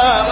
ما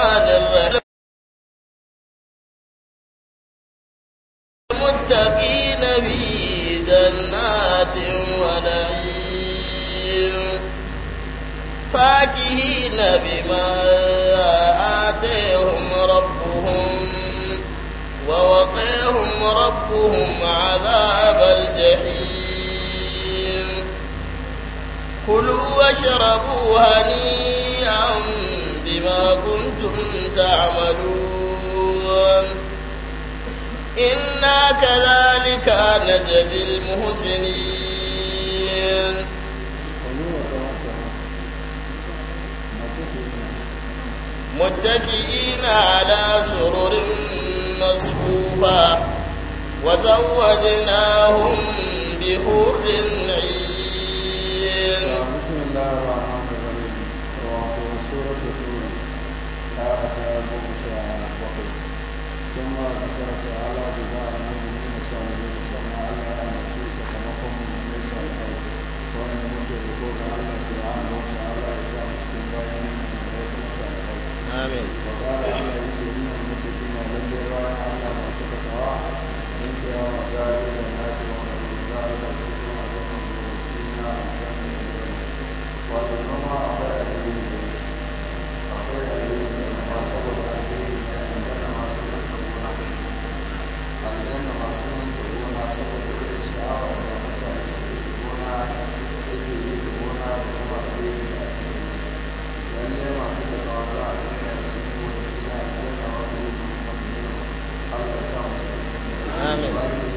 كنتم تعملون إنا كذلك نجزي المحسنين متكئين على سرر مصفوفة وزوجناهم بحور عين بسم الله الرحمن الشهادة يقوم شهادة وقيل ثم ذكر تعالى جزاء المؤمنين الصالحين ثم على المخصوص كمقم ليس الخير وأن ممكن يقول الله سبحانه وتعالى إذا مسكن بين ليس الخير آمين وقال على يسيرين المتقين لم يرى على ما سكت انت يا مجاهد الناس ومن مجاهد الكفر ومن مجاهد الكفر ومن مجاهد الكفر aljanna masu gona saboda irin sha'awa da mutane suke yi masu da za a sanya su cikin wani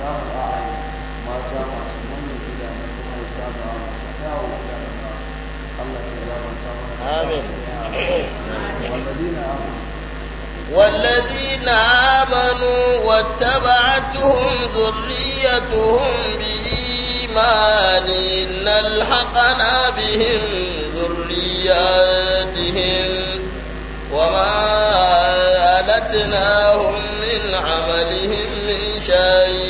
والذين آمنوا والذين آمنوا واتبعتهم ذريتهم بإيمان إن الحقنا بهم ذرياتهم وما ألتناهم من عملهم من شيء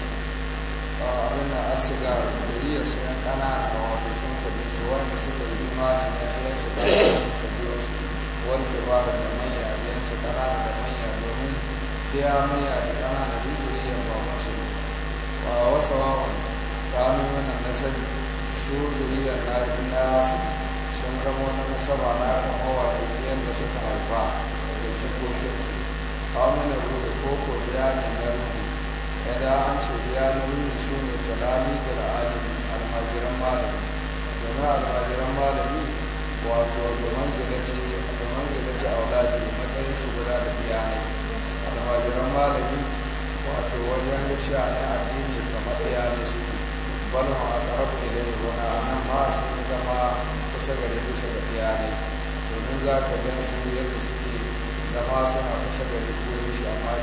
abin asiga da yi sayan kana yan kanana wata sun kaɗe su wanda suka yi imanin da ɗayan su kanana sun kaɗe su wanda ba da manya ɗayan su kana da manya domin biya manya da kana kanana duk zuriyar baban su ne wa wasa wawan kanu na sani su zuriyar na su sun zama wani nasaba na kama wato ɗayan da suka haifa da jikokinsu kawo mana ko koko ya ne na rubuta kada an ce riyalumin da su ne talami da al'adun almajiran malami domin almajiran malami wato domin zilace domin zagace a wadatu matsayin su guda da biyane. almajiran malami wato wajen da shi a addini kamar iyalai su balon a ƙarfi ilai wani a nan ma sun zama kusa gare kusa da biyane, domin za ka gan su yadda suke zama suna kusa gare koyon shi amma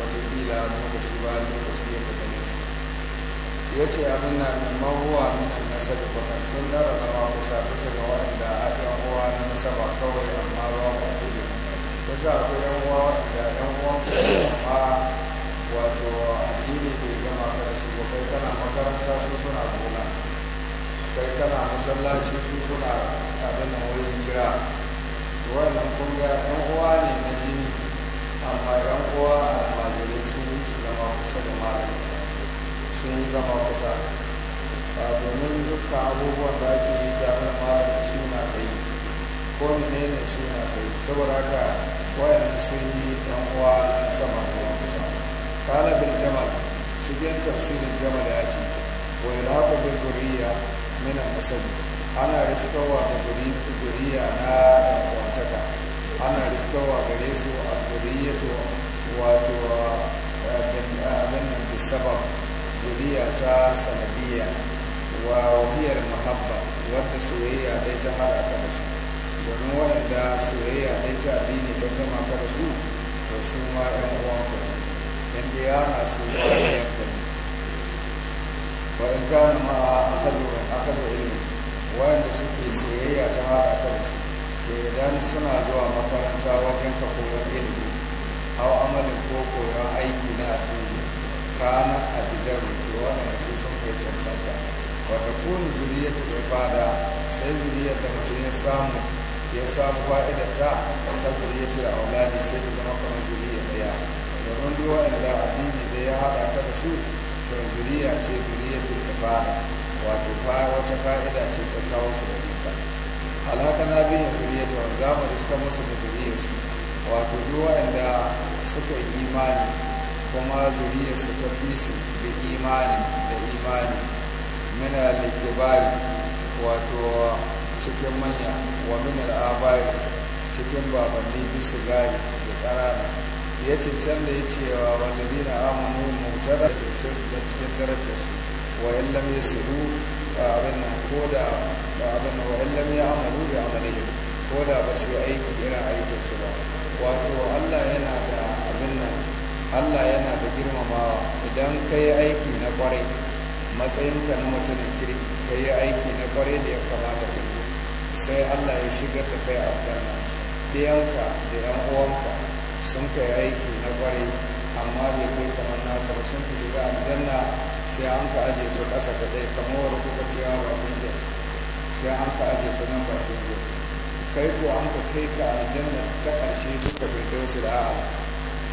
watakila lokaci ba lokaci ya gane su ya ce abin na mahuwa minan nasar bakar sun larabawa kusa kusa ga waɗanda a ɗan uwa na nasaba kawai amma ba wa kudu kusa akwai ɗan uwa waɗanda ɗan uwan amma wato addini bai gama ka da su ba kai kana makaranta su suna gona kai kana masallaci su suna abin da wurin gira. wannan kun ga ɗan uwa ne na jini amma ɗan uwa amma kusa sun zama kusa ba domin dukkan abubuwan da ake yi da wani mara suna da ko menene suna da saboda haka wayan sun yi dan uwa sama kuma kusa kala bil jamal cikin tafsirin jamal ya ce wa ilaqu bil dhurriya min al-musalli ana riskowa da zuriya na ɗan'uwantaka ana riskowa gare su a zuriyatu wato abin da sabab zuriya ta sanadiyya wa wahiyar mahabba wadda soyayya dai ta halaka da su domin waɗanda soyayya dai ta addini ta gama ka da su to su ma ɗan uwan ku inda ya na su ma ɗan ku wa in kana ma akazo ilimi waɗanda suke soyayya ta halaka da su to idan suna zuwa makaranta wajen ka koyon ilimi Hau amalin ko koyon aiki na addini kana gidan to wannan su sun kai cancanta wata zuriya ta bai fada sai zuriya da mutum ya samu ya samu fa'ida ta ta zuriya ta auladi sai ta zama kamar zuriya daya domin duk wa'anda addini da ya haɗa ta da su to zuriya ce ta bai fada wato wata fa'ida ce ta kawo su da duka alaƙa na biyan zuriyatu za mu riska musu da zuriyarsu wato duk wanda suka yi imani kuma zuriyarsu ta fi su da imani da imani mana da ke bari wato cikin manya wa minar abari cikin babanni bisu gari da ƙarana ya da ya ce wa wanda bi na amonu mutara da su da cikin darajarsu wa yan lam ya siru abin nan ko da abin wa yan lam ya amalu da amalai ko da ba su yi aiki irin aikinsu ba wato Allah yana da abin Allah yana da girmamawa idan ka yi aiki na kwarai matsayinka na mutumin kirki ka yi aiki na kwarai da ya kamata ka yi sai Allah ya shiga da kai aljanna ɗiyanka da ‘yan uwanka sun kai aiki na kwarai amma bai kai kamar naka ba sun fi shiga aljanna sai an ka aje su ƙasa ta ɗaya kamar wani kuka cewa bakin sai an ka aje su nan bakin jiya kai ko an ka kai ka aljanna ta ƙarshe duka bai kai su da'a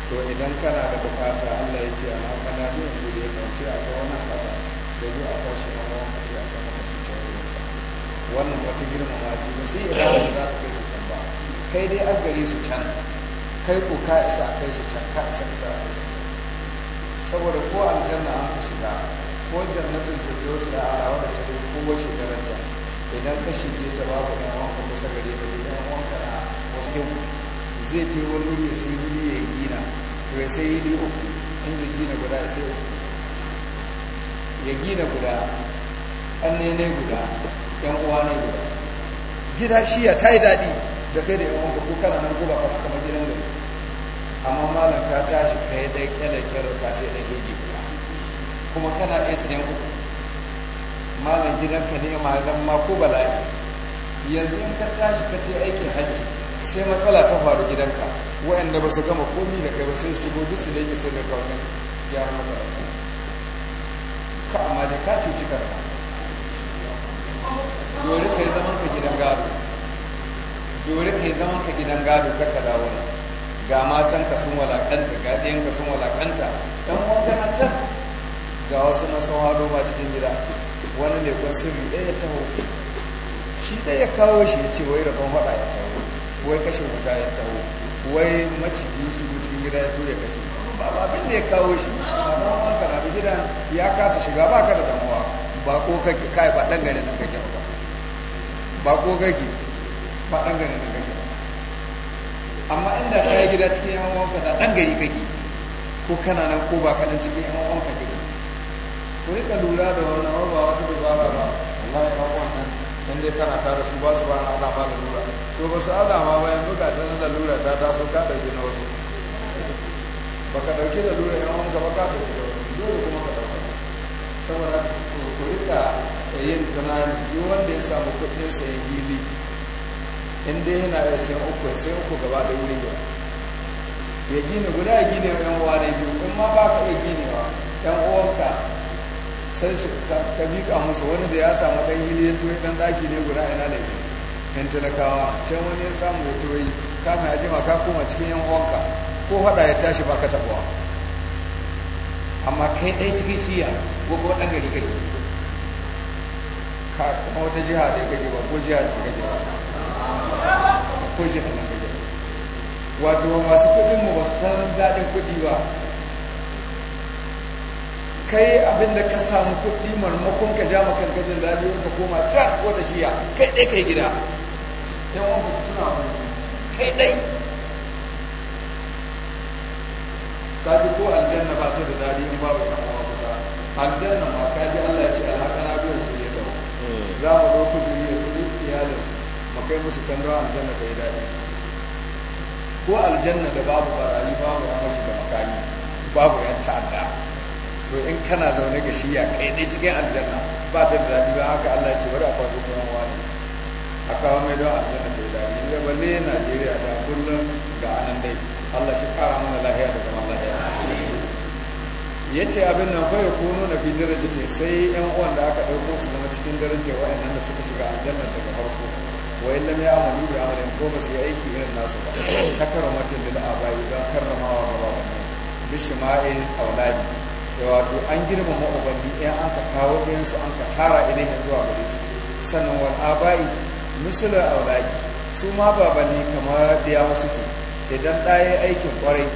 to idan kana da bukata Allah ya ce ana kana da yanzu da ya sai a ga wannan kaza sai zuwa a shi ma wannan sai a ga maka su ta wurin wannan wata girma ma ce ba sai idan da za ka kai su can ba kai dai an gare su can kai ko ka isa a kai su can ka isa isa a kai su saboda ko aljanna an ka shiga ko jannatin firdaus da da'a wadda ta ko wace daraja idan ka shige ta babu dama Saka gare ka ya zama wanka a wasu zai fi wani wuri ya sai wuri ya yi gina to ya sai yi uku in zai gina guda ya sai uku ya gina guda an nene guda yan uwa ne guda gida shi ya ta yi daɗi da kai da yan wanka ko kana nan ko ba kamar gidan gari amma malam ka tashi ka yi ɗan kyalakyar ka sai ɗan gidi guda kuma kana iya sayan uku malam gidanka ne ma zama ko bala'i yanzu in ka tashi ka je aikin hajji sai matsala ta faru gidanka waɗanda ba su gama komi da kai ba sai shigo duk su da yake sai da kawai gyaran matsala ka amma da ka cuci karka dore ka yi zaman ka gidan gado dore ka yi zaman ka gidan gado ka dawo ne. ga matan ka sun walakanta ga ɗayan ka sun walakanta ɗan wangana can ga wasu na sun hado cikin gida wani lekon sirri ɗaya ta hau shi dai ya kawo shi ya ce wai rabon hada ya taho wai kashe wuta ya taho wai maciji shi cikin gida ya to ya kashe ba abin da ya kawo shi amma ka na gidan ya kasa shiga ba ka da damuwa ba ko kake kai ba dan gane nan kake ba ba ko kake ba dan gane nan kake amma inda kai gida cikin yan uwanka da dan gari kake ko kana nan ko ba kana cikin yan uwanka kake ko rika lura da wannan ba wata dubara ba wallahi ba wannan in dai kana ta da su ba su ba na alama da lura to ba su alama ba bayan duka ta da lura ta so ka ɗauki na wasu ba ka dauke da lura yan gaba ka da wasu dole kuma ka dauke saboda ku rika yin tunani duk wanda ya samu kuɗin sayan hili in dai yana ya sayan uku ya sayan uku gaba da wuri gaba ya gina guda ya gina yan uwa biyu in ma ba ka iya ginewa yan uwanka sai su ka miƙa musu wani da ya samu ɗan hili ya tuwai ɗan ɗaki ne guda ina ne yan talakawa can wani ya samu ya tuwai ka a jima ka koma cikin yan uwanka ko haɗa ya tashi ba ka taɓawa amma kai ɗaya cikin shiya ko kuma ɗan gari kai ka kuma wata jiha da kake ba ko jiha da kake ba ko jiha da kake wato masu kuɗin mu ba san daɗin kuɗi ba kai abin da ka samu kuɗi marmakon ka ja makan gajin daɗi ka koma can wata shiya kai ɗai kai gida yan wanka suna wani kai ɗai ta ji ko aljanna ba ta da daɗi in babu ta kuma kusa aljanna ma ka ji Allah ya ce na biyar su ne da za mu ɗauki zuriya su duk iyalinsu mu kai musu can aljanna ta yi daɗi ko aljanna da babu barayi babu yan wasu da makami babu yan ta'adda to in kana zaune ga shi ya kai ne cikin aljanna ba ta da daɗi ba haka Allah ya ce bari a kwaso ta yan wani a kawo mai don aljanna ta yi daɗi ya balle Najeriya da kullum ga anan dai Allah shi kara mana lahiya da zaman lahiya ya ce abin nan bai ko na fi ce sai yan uwan da aka ɗauko su zama cikin darajar waɗannan da suka shiga aljanna daga farko Wai lam ya amalu bi amalin ko ba su yi aiki irin nasu ba ta karamatin lil abai don karramawa ga babanni bishima'il auladi da wato an girmama ubanni ɗaya an ka kawo ɗayansu an ka tara ilayhin zuwa gare su sannan wal abai misalar aulai su ma babanni kamar da yawa suke idan ɗaya aikin kwarai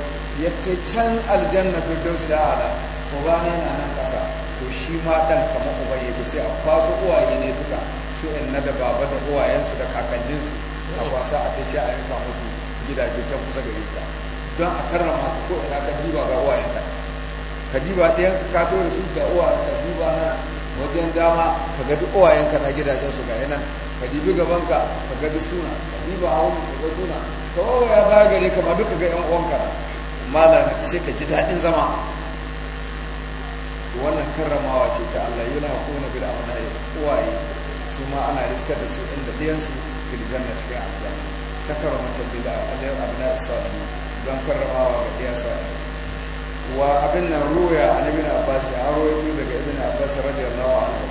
ya ta can aljanna firdaus da ala ko ne na nan ƙasa to shi ma ɗan kamar uba yake sai a kwaso uwaye ne duka su in na da baba da uwayensu da kakanninsu a kwasa a ta ce a yanka musu gidaje can kusa gare ka don a karrama ko ina ka diba ga ta. ka diba ɗayan ka kato da su ga uwa ka diba na wajen dama ka ga duk uwayen ka na gidajen su ga yanan ka dibi gaban ka ka ga duk suna ka diba hawan ka ga suna ka wawa ya baya gare ka ma duk ka ga yan uwan ka malam sai ka ji daɗin zama wannan karramawa ce ta Allah yana kona bil abnai uwaye su ma ana riskar da su inda ɗayan su bil na cikin aljanna ta karramata bil abnai salihin don karramawa ga ɗaya salihin wa abin nan ruya an ibn abbas ya rawaito daga ibn abbas radiyallahu anhu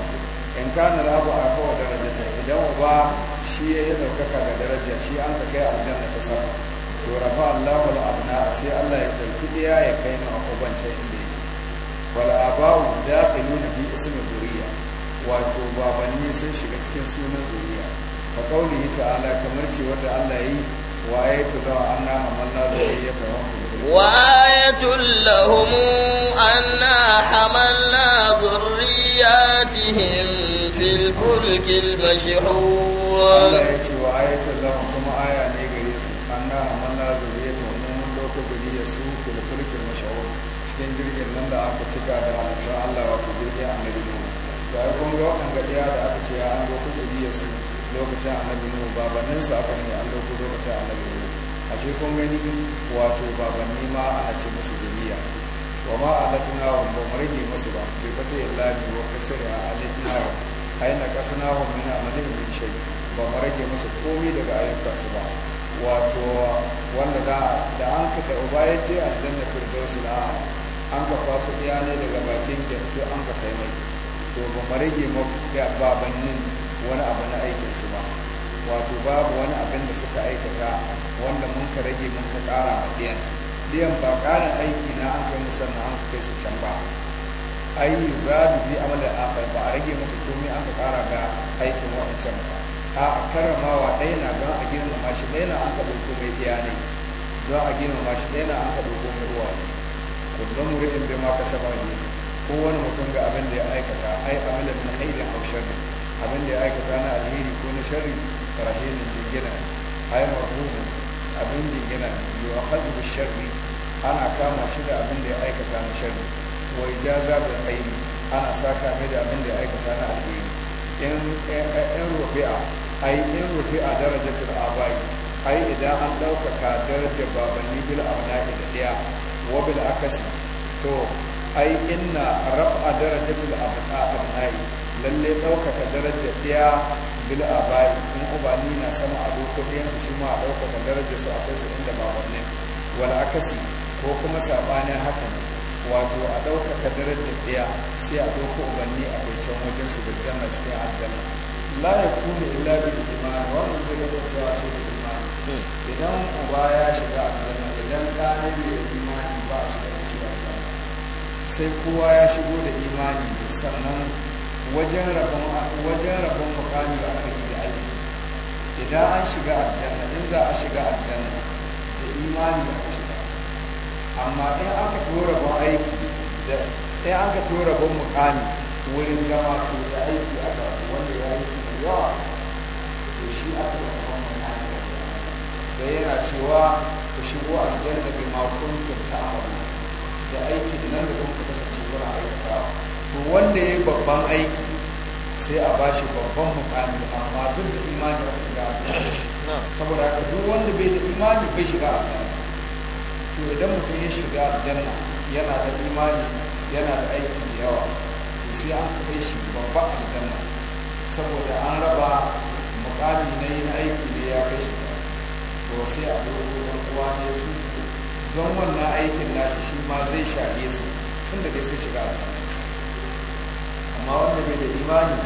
in kana a arfa wa darajata idan uba shi ya yi daukaka ga daraja shi an ka kai aljanna ta sama to rafa Allahu al-abna sai Allah ya dauki daya ya kai na uban can inda yake wal aba'u dakhiluna fi ismi dhurriya wato babanni sun shiga cikin sunan dhurriya fa qawlihi ta'ala kamar ce wanda Allah yi wa ayatu da anna amanna dhurriyata wa وآية لهم أنا حملنا ذرياتهم في الفلك المشحون الله يأتي وآية لهم كما آية نيجريس أنا حملنا ذرياتهم من لوك ذرية سوء في الفلك المشحون cikin jirgin nan da aka cika da halittar Allah wato jirgin annabi Nuhu da ya kun ga wannan gadiya da aka ce an lokaci su lokacin annabi Nuhu babaninsu aka ne an lokacin annabi a ce kun gani wato babanni ma a ce musu jami'a wa ma a latin wa ba mu rage musu ba bai fata yin bi wa kasri a alatina wa kasar kasna mai na amalin min shai ba mu rage musu komai daga ayyuka su ba wato wanda da da an ka da uba ya ce aljanna firdausi da an ka kwaso iya ne daga bakin to an ka kai mai to ba mu rage babannin wani abu na aikinsu ba wato babu wani abin da suka aikata wanda mun ka rage mun ka ƙara a ɗiyan ɗiyan ba ƙarin aiki na an kai musu na an kai su can ba ai zadu bi amala akhar ba a rage musu komai an ka ƙara ga aikin wancan ba a karramawa ɗaya na don a girmama shi ɗaya na an ka ɗauko mai ɗiya ne don a girmama shi ɗaya na an ka ɗauko mai ruwa ne kullum wurin bai ma ka saba ne wani mutum ga abin da ya aikata ai amala na khairin aw sharri abin da ya aikata na alheri ko na sharri rahilin jingina ai marhumu abin jingina wa hazu sharri ana kama shi da abin da ya aikata na sharri wa ijaza bil aini ana sa kame da abin da ya aikata na alheri in in rufi'a ai in rufi'a darajatul abai ai idan an daukaka darajar babanni bil abna'i da daya wa bil akasi to ai inna raf'a darajatul abna'i lalle daukaka darajar daya bila abai in ubani na sama abokan su ma a ɗaukaka darajar su akwai su inda wanne wala akasi ko kuma sabanin hakan wato a ɗaukaka darajar daya sai a dauka ubanni a can wajen su biljan a cikin aljanna la ya kuma illa bi imani wannan zai kasancewa sai da iman idan uba ya shiga aljanna idan ɗa ne imani ba shi da shi aljanna sai kowa ya shigo da imani sannan wajen rabon wajen rabon mukami a kai da aiki idan an shiga aljanna in za a shiga aljanna da imani da ka shiga amma in aka tura ban aiki da in aka tura ban mukami wurin zama ko da aiki aka wanda ya yi da yawa to shi aka da kuma mukami da yana cewa ku shigo aljanna bi ma kuntum ta'malun da aiki nan da kuma kasance kuna aikatawa to wanda ya yi babban aiki sai a ba shi babban mukami amma duk da imani a shiga saboda haka duk wanda bai da imani bai shiga a to idan mutum ya shiga aljanna yana da imani yana da aiki da yawa sai an kai shi babban aljanna saboda an raba mukami na yin aiki da ya kai shi to sai a dogo don uwa ne su don wannan aikin nashi shi ma zai shafe su tun da dai sun shiga kan amma wanda bai da imani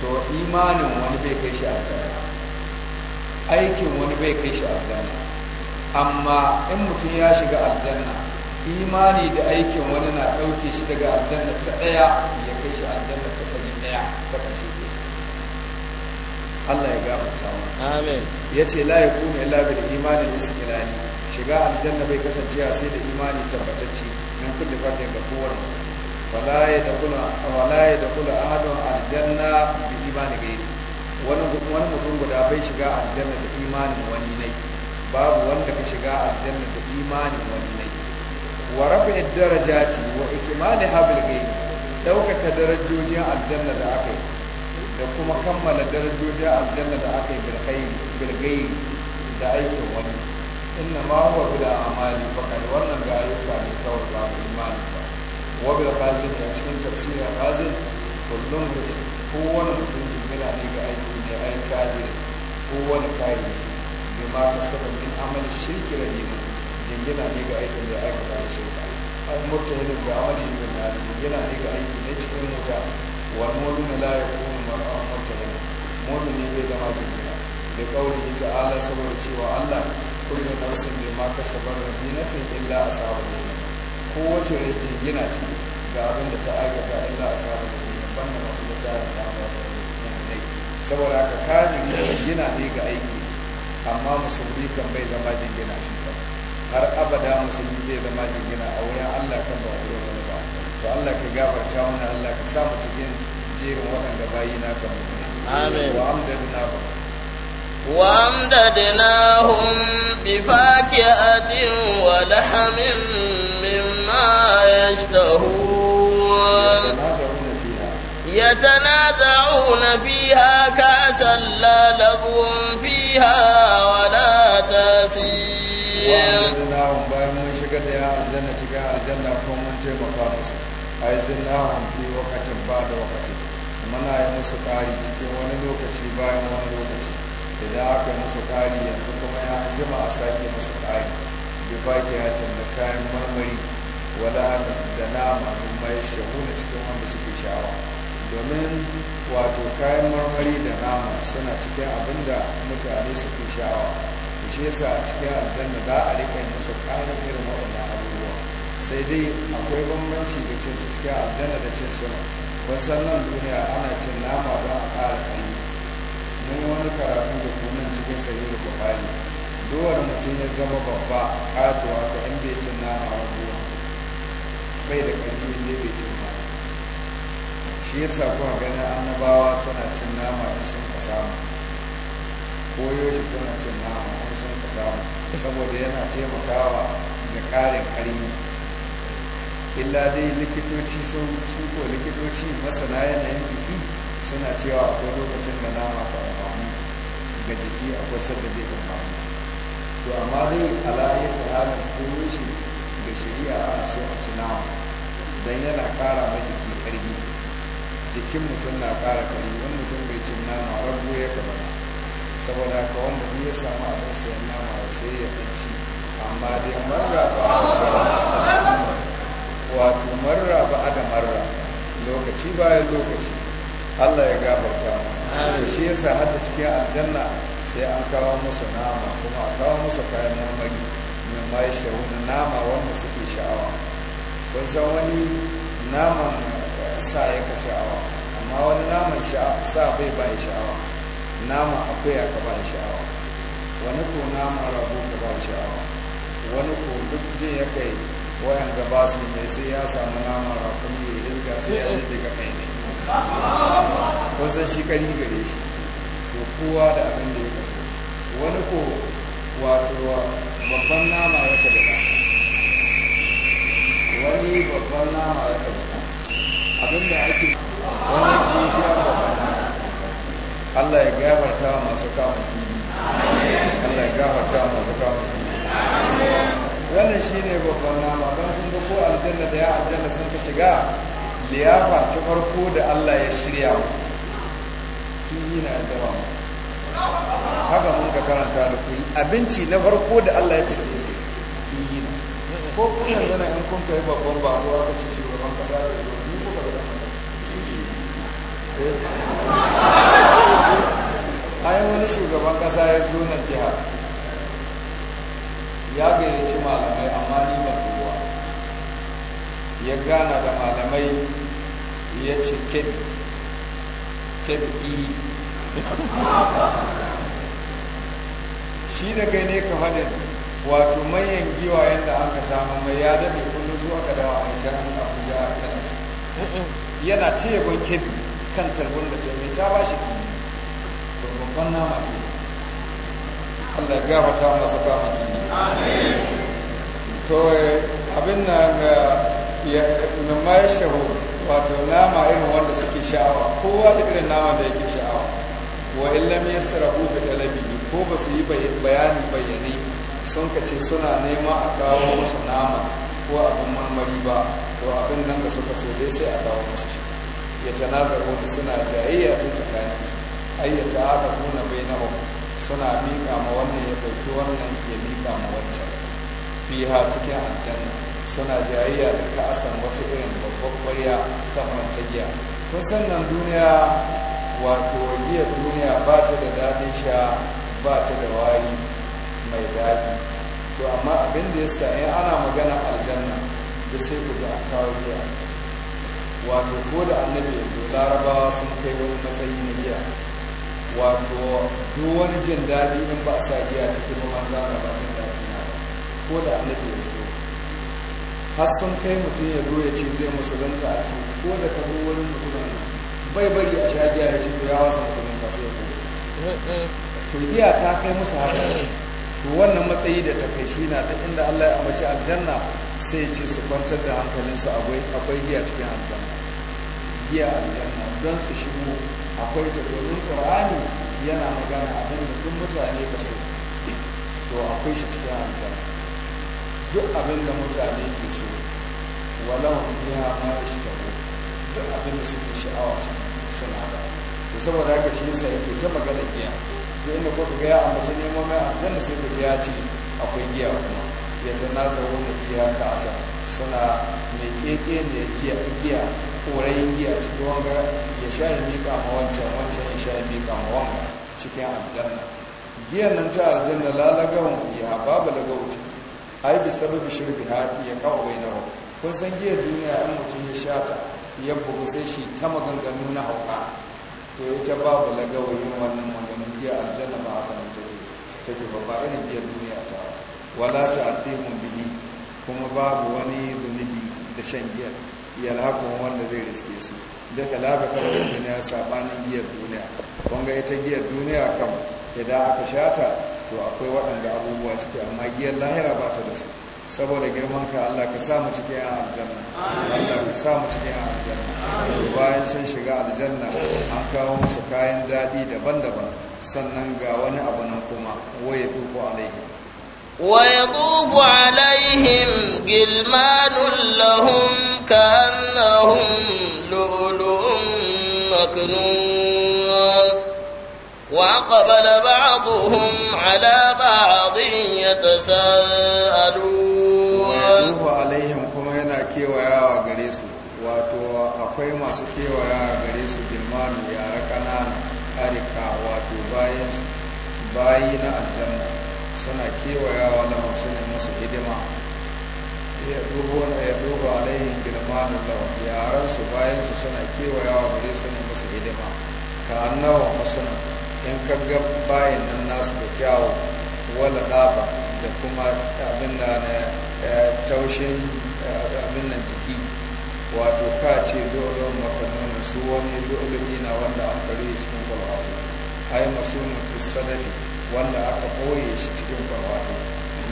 to imanin wani bai kai shi aljanna aikin wani bai kai shi aljanna amma in mutum ya shiga aljanna imani da aikin wani na ɗauke shi daga aljanna ta ɗaya ya kai shi aljanna ta ɗari ɗaya ta ƙarshe ne Allah ya gafarta wa amin yace la yakunu illa da imanin al-isqilani shiga aljanna bai kasancewa sai da imani tabbatacce nan kullu fadin ga kowanne wala ya da kula ahadun aljanna da imanin gairi wani mutum guda bai shiga aljanna da imanin wani ne babu wanda ka shiga aljanna da imanin wani ne wa rafi darajati wa ikimani habil gairi daukaka darajojin aljanna da aka yi da kuma kammala darajojin aljanna da aka yi bilgai da aikin wani inna ma huwa bil amali faqad wannan ga ayyuka ne kawai ba imani wabil khazin ya cikin tafsirin khazin kullum da kowane mutum yana ne ga aiki ne ai kadir kowane kayi bi ma saba min amali shirki da dinin dingina ne ga aiki da aikata da shirka an mutahidin ga amali da nari dingina ne ga aiki ne cikin wuta wal mu'min la yakunu mar'an ne mu'min ne bai zama gina da kauli ta'ala saboda cewa Allah kullu nafsin bi ma kasabat rahinatin illa asabatu kowace rai gina ci ga abin da ta aikata illa a samu da ban da masu da tsarin da amma da ne saboda haka kafiri gina ne ga aiki amma musulmi kan bai zama jingina shi ba har abada musulmi bai zama jingina a wurin allah kan ba wurin wani ba to allah ka gafarta mana allah ka sa mu cikin jerin waɗanda bayi na kan mummunai wa amdadna ba ولحم يشتهون يتنازعون فيها كأسا لا لغو فيها ولا تأثيم aizinahum fi wakatin ba da wakatin muna yi musu ƙari cikin wani lokaci bayan wani lokaci idan aka yi musu ƙari yanzu kuma ya jima a sake musu ƙari bi baki hatin kayan marmari wala da nama amma ya shahuna cikin wanda suke sha'awa, domin wato kayan marmari da nama suna cikin abinda mutane suke sha'awa, da shi yasa a cikin aljanna za a rika yi musu kayan irin waɗannan abubuwa sai dai akwai bambanci da cin su cikin aljanna da cin su wasan duniya ana cin nama ba a ƙara kai mun yi wani karatu da kunan cikin sayi da dole dowar mutum ya zama babba ƙatuwa ga in bai cin nama a bai da ƙarfi ne bai cin ba shi yasa kuma gani annabawa suna cin nama in sun ka samu ko yoshi suna cin nama in sun ka samu saboda yana taimakawa da ƙarin karni illa dai likitoci sun ko likitoci masana yanayin jiki suna cewa akwai lokacin da nama ka amfani ga jiki akwai sadda zai amfani to amma dai ala'ayyar ta halin ko yoshi da shari'a a so a nawa dan yana kara mai jiki karfi jikin mutum na kara karfi wani mutum bai cin nama rabu ya gaba saboda haka wanda ya samu abin sayan nama sai ya ɗanci amma dai marra ba wato marra ba da marra lokaci bayan lokaci Allah ya gabata. mu shi yasa har da cikin aljanna sai an kawo masa nama kuma a kawo masa kayan marmari mai mai nama wanda suke sha'awa kun san wani naman sa ya ka sha'awa amma wani naman sa bai ba sha'awa naman akwai ka ba sha'awa wani ko naman rabu ka ba sha'awa wani ko duk jin ya kai wayan gaba su ne sai ya samu naman ne ya izga sai ya zai ga kai ne ko san shi kari gare shi ko kowa da abin da ya kasu wani ko wato babban nama ya ka da wani babban nama ya ɗauka abin da ake wani kishi ya Allah ya gafarta masu kamun kifi Allah ya gafarta masu kama. kifi wannan shi ne babban nama don sun ga ko aljanna da ya aljanna sun ka shiga liyafa ta farko da Allah ya shirya musu kifi na da haka mun ka karanta da ku abinci na farko da Allah ya tafi ko kun yanzu na yan kun kai babban ba ruwa ka ce shugaban kasa da yau ni ko ba da ai wani shugaban kasa ya zo na jiha ya gayyaci malamai amma ni ba kowa ya gana da malamai ya ce kebi kebi e. shi da kai ne ka faɗin wato manyan giwayen da aka samu mai ya daɗe kullum zuwa ga dawa a yanzu an abuja a kan yana ta yabon kebi kan tarbun da taimai ta ba shi kuma to babban nama ne Allah ya ta masa kama kini to eh, abin nan na mai shahu wato nama irin wanda suke sha'awa kowa da irin nama da yake sha'awa wa mai yasrahu da talabi ko ba su yi bayani bayanai sun ka ce suna nema a kawo musu nama ko abin marmari ba to abin nan da suka so dai sai a kawo musu shi ya tanazaru da suna jayayya ta tsakanin su ayyata aka kuna bai na suna miƙa ma wannan ya ɗauki wannan ya miƙa ma wancan fiha cikin aljanna suna jayayya da ka'asan wata irin babbar ƙwarya kamar ta giya kun san nan duniya wato giyar duniya ba ta da daɗin sha ba ta da wari mai daɗi to amma abin da sa in ana magana aljanna da sai ku ji an kawo giya wato ko da annabi ya zo larabawa sun kai wani matsayi na giya wato duk wani jin daɗi in ba a sa giya cikin ruwan zara ba jin daɗi na ko da annabi ya zo har sun kai mutum ya zo ya ce zai musulunta a ce ko da ka zo wani mutumin bai bari a sha giya ya ce ko ya wasa musulunta sai ya zo to giya ta kai musu haka to wannan matsayi da ta kai shi na ta inda Allah ya amince aljanna sai ce su kwantar da hankalinsu akwai akwai giya cikin aljanna giya aljanna don su shigo akwai da domin qur'ani yana magana abin da duk mutane ka so to akwai shi cikin aljanna duk abin da mutane ke so walau biya ma yashtahu duk abin da suke sha'awa suna da to saboda haka shi sai ke ta magana giya da inda ko ka ga ya ambaci nemomin aljanna sai kuka ya ce akwai giya kuma ya na tsawo da giya ka asa suna mai keke da giya giya korayin giya cikin wanga ya sha ya miƙa ma wancan wancan ya sha ya miƙa ma wanga cikin aljanna giya nan ta aljanna lalagawan giya babu lagauci ai bi sababi shirbi ha ya kawo bai nawa kun san giya duniya an mutum ya sha ta ya bugu sai shi ta maganganu na hauka to ita babu lagawayin wannan maganin giya aljanna ba haka nan take take ba ba irin biya duniya ta wala ta ta'dimun bihi kuma babu wani zunubi da shan giyar yalhaqun wanda zai riske su da kalaba kan duniya sabanin giyar duniya kun ita giyar duniya kam idan aka shata to akwai waɗanda abubuwa ciki amma giyar lahira ba ta da su saboda girman ka Allah ka samu cikin yan aljanna Allah ka samu cikin yan aljanna bayan sun shiga aljanna an kawo musu kayan daɗi daban-daban sannan ga wani abu nan kuma waye duku alaihi ويطوب عليهم غلمان لهم كأنهم لؤلؤ مكنون وأقبل بعضهم على بعض يتساءلون yatufu alaihim kuma yana kewayawa gare su wato akwai masu kewayawa gare su girmanu yara ƙanana harika wato bayan bayi na aljanna suna kewayawa na masu ne masu hidima ya dubo na ya dubo alaihin girmanu da yaran su bayan su suna kewayawa gare su ne masu hidima ka annawa masuna in ka ga bayan nan nasu da kyawu wala daba da kuma abin da na taushin eh, abin nan jiki wato ka ce dogon makononu su wani dole na wanda an kare cikin kwalwato ai ne fisalafi wanda aka koye shi cikin kwalwato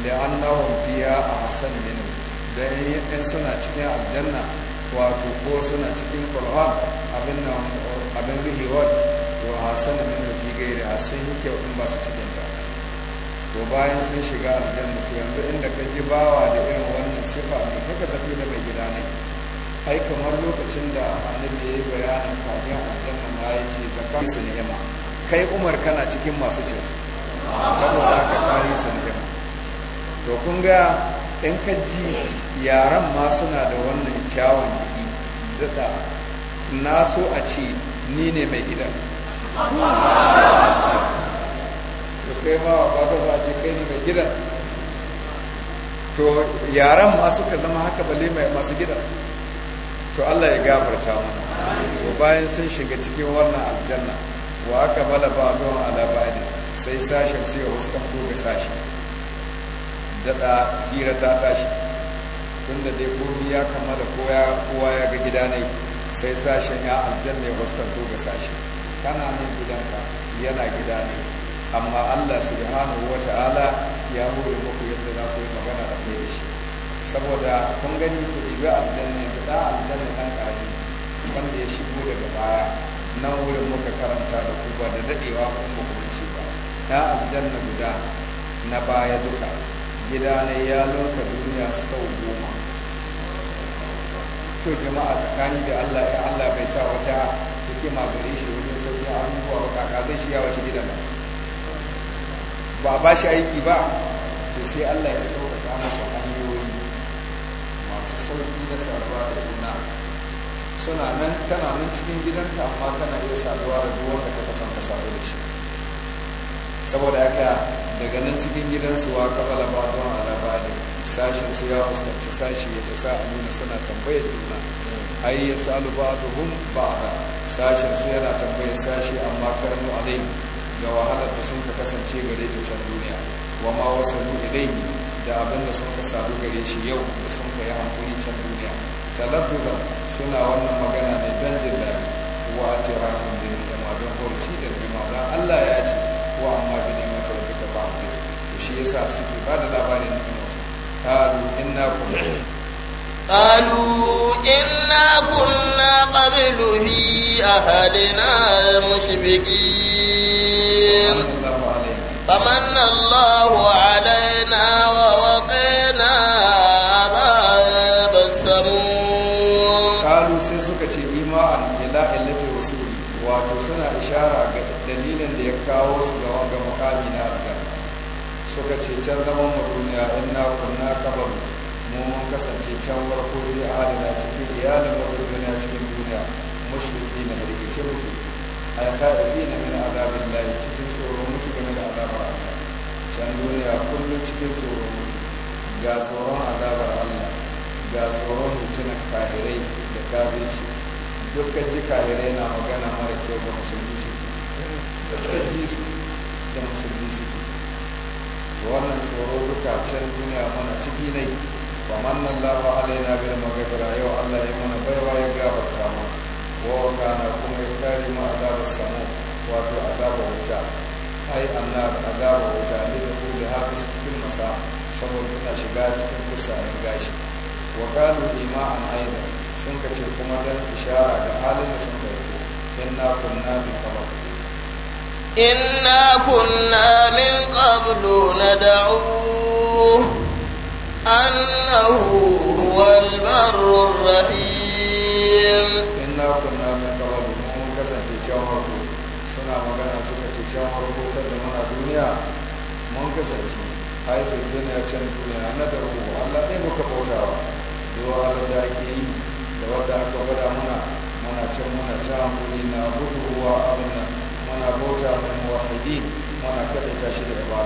da an nawon biya a hassan minu don yin suna cikin aljanna wato ko suna cikin kwalwa abin nan abin bihewar to hassan minu fi gairi hassan yi kyau in ba su cikin to bayan sun shiga aljanna to yanzu inda ka ji bawa da irin wannan sifa ne kaka tafi da mai gida ne ai kamar lokacin da annabi ya yi bayanin kafin aljanna ma ya ce zakka su ni'ima kai umar kana cikin masu cin su saboda aka kari su ni'ima to kun ga in ka ji yaran ma suna da wannan kyawun jiki daɗa na so a ce ni ne mai gidan kai ma ba ka za a ce kai ne mai gidan to yaran ma suka zama haka balle mai masu gidan to Allah ya gafarta to bayan sun shiga cikin wannan aljanna wa aka mala ba'dun ala ba'd sai sashen sai wasu kan ga sashi dada hira ta tashi tunda dai gobi ya kammala kowa ya ga gida ne sai sashen ya aljanna ya wasu kan ga sashi kana nan gidanka yana gida ne amma Allah subhanahu wa ta'ala ya hore muku yadda za ku yi magana da kai shi saboda kun gani ku ɗibi aljanna ku ɗa aljanna ɗan ƙarami wanda ya shigo daga baya nan wurin muka karanta da ku ba da daɗewa kun ba ku wuce ba ɗa aljanna guda na baya duka gida ne ya loka duniya sau goma to jama'a tsakani da Allah ya Allah bai sa wata hikima gare shi wajen sauya abubuwa ba kaka zai shiga wace gidan ba ba a ba shi aiki ba to sai Allah ya sauƙaƙa masa hanyoyi masu sauƙi na saduwa da juna suna nan tana nan cikin gidanta, amma kana iya saduwa da duk wanda ka san ka da shi saboda haka daga nan cikin gidansu wa kabala ba don alaba ne su ya fuskanci sashi ya ta sa amina suna tambayar juna ai ya salu ba duhun ba sashen su yana tambayar sashi amma karnu alaihi da wahalar da sun ka kasance gare ta can duniya wa ma wasu ilaihi da abin da sun ka sadu gare shi yau da sun ka yi hankuli can duniya talabbuza suna wannan magana mai ban jin daɗi wa a tira kun da yin zama don kwarci da zama don allah ya ce ko amma bi ne mata wani ta ba da to shi sa suke ba da labarin nuna su kalu inna kun قالوا إنا كنا قبل في أهلنا مشفقين الرجيم فمن الله علينا ووقينا عذاب السموم قالوا سيسوك إيماء إلى إلة رسول wato suna ishara ga dalilin da ya kawo su ga wanga mukami na aljanna suka ce can zaman mu duniya inna kunna kabar mu kasance can warko a cikin iyalin mu duniya cikin duniya mushriki na rigice muke alka'idi na min azabin layi cikin tsoro muke game da azabar Allah can duniya kullum cikin tsoro ga tsoron azabar Allah ga tsoron mutunan kahirai da kabeci dukkan ji kahirai na magana mara kyau ga musulmi su dukkan ji su da musulmi su wannan tsoro duka can duniya mana ciki ne ba mannan lafa alaina bil magabira yau Allah ya mana baiwa ya gafarta mana wawaka na kuma ya kare mu azabar samu wato azabar wuta ai da azabar wuta ne da ku da haka su cikin masa saboda ta shiga cikin kusurin gashi wa kanu ima'an aida sun kace kuma dan ishara da halin da sun karfi inna kunna bi qabl inna kunna min qablu nad'u annahu huwal barrur rahim inna kunna min qablu mun kasance can harko suna magana suka ce can harko kan da muna duniya mun kasance haifin duniya can duniya na da ruhu Allah ne muka bautawa yawa Allah da ake yi da wadda aka gwada muna muna can muna ta hankuli na guduwa abin nan muna bauta mai wahidi muna kaɗa shi da ba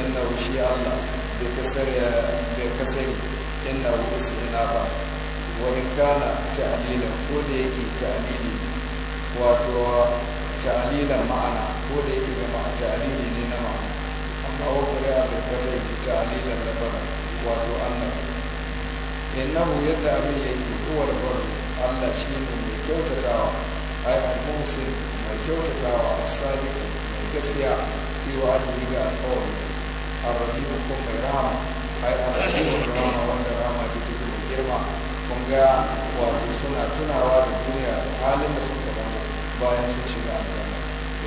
inna shi Allah bai kasari bai kasari inna hu isi ba wani kana ta'alilan ko da yake ta'alili wato ta'alilan ma'ana ko da yake da ma'a ta'alili ne na ma'ana amma wakare a tattara yake na labara wato allah innahu yadda abin yake kowar barin allah shi ne mai kyautatawa ai al-muhsin mai kyautatawa as-sadiq mai gaskiya fi wa'adi ga alƙawari ar-rahim kuma mai rama ai ar-rahim rama wanda rama ce take mai girma kun ga wato suna tunawa da duniya halin da sun gama bayan sun shiga aljanna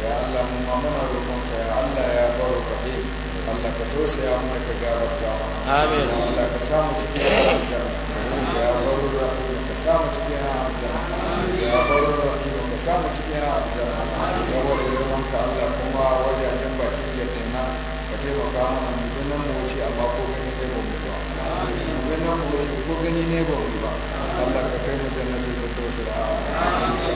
ya Allah mun ma muna ka ya Allah ya baro ka rahim Allah ka tosa ya mana ka gafarta amin Allah ka samu cikin aljanna ya baro ka ka samu cikin aljanna ya baro ka ka samu cikin aljanna saboda roƙon ka Allah kuma wajen wajajen baki da dinna ka taimaka mana mu dinan mu wuce amma ko kai ne mu mutuwa amin ganin ubangiji ko gani ne ba mu ba Allah ka kai mu jannati da tosu da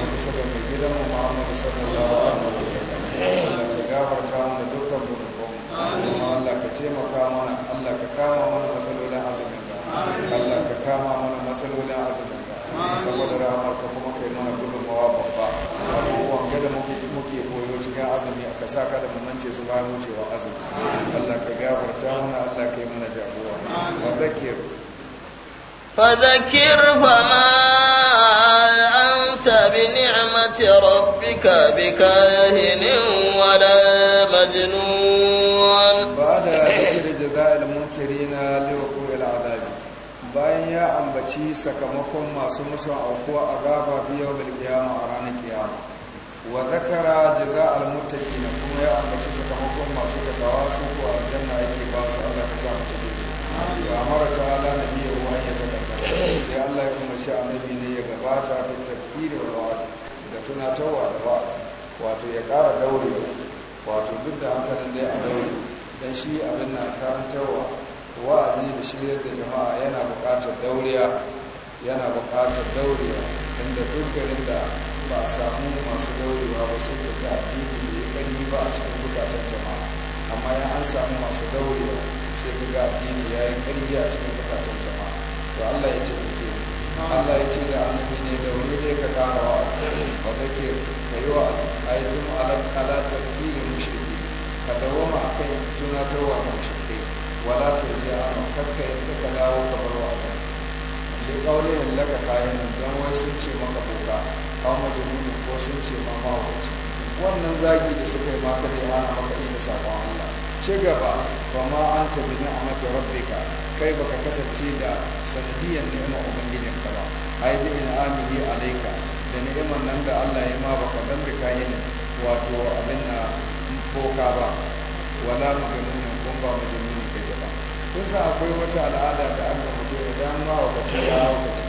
mu saba mai gidan mu Muhammad sallallahu alaihi wasallam Allah ka gafarta mana dukkan mu kuma Allah ka taimaka mana Allah ka kama mana matsalolin azumin ka Allah ka kama mana matsalolin azumin ka saboda rahmar ka kuma kai mana gudunmawa babba abubuwan gada muke muke koyo cikin azumi aka sa ka da mamance su bayan wucewa azumi Allah ka gafarta mana Allah ka yi mana jagora wa zakir فذكر فما أنت بنعمة ربك بكاهن ولا مجنون بعد ذكر جزاء المنكرين لوقوع العذاب bayan ya ambaci sakamakon masu musu auku a gaba biyo bil kiyama a ranar kiyama wa zakara jaza al muttaqin kuma ya ambaci sakamakon masu takawa su ko aljanna yake ba su Allah sa mu cikin su amara ta nabi sai Allah ya umarci annabi ne ya gabata ta tafkiri wa wa'azi da tunatarwa da wa'azi wato ya kara daure wato duk da hankalin dai a daure dan shi abin na karantarwa wa'azi da shiryar da jama'a yana buƙatar dauriya yana bukatar dauriya inda duk garin da ba a samu masu daurewa ba sai da ta addini da ya ba a cikin bukatar jama'a amma ya an samu masu daurewa sai ga addini ya yi ƙarfi a cikin bukatar jama'a to Allah ya ce kuke Allah ya ce da annabi ne da wani ne ka kara wa wa kake a wa ayyukum ala ala tadbir mushriki ka dawoma akan tunatarwa ga mushriki wala turji an kakka yadda ka dawo ka bar wa ka li qawlihi laka kayan don wai sun ce maka boka aw majnun ko sun ce ma mawaci wannan zagi da suka yi maka da ya hana maka da sakon Allah ci gaba ba ma an tabi ni a maka ka. kai baka kasance da sanadiyar ni'imar ubangijin ka ba ai bi in amihi alaika da ni'imar nan da Allah ya ma baka dan da kayan wato abin na boka ba wala mujamminin kun ba mujamminin kai ba kun sa akwai wata al'ada da an ga mutum idan ma wata ce ya wata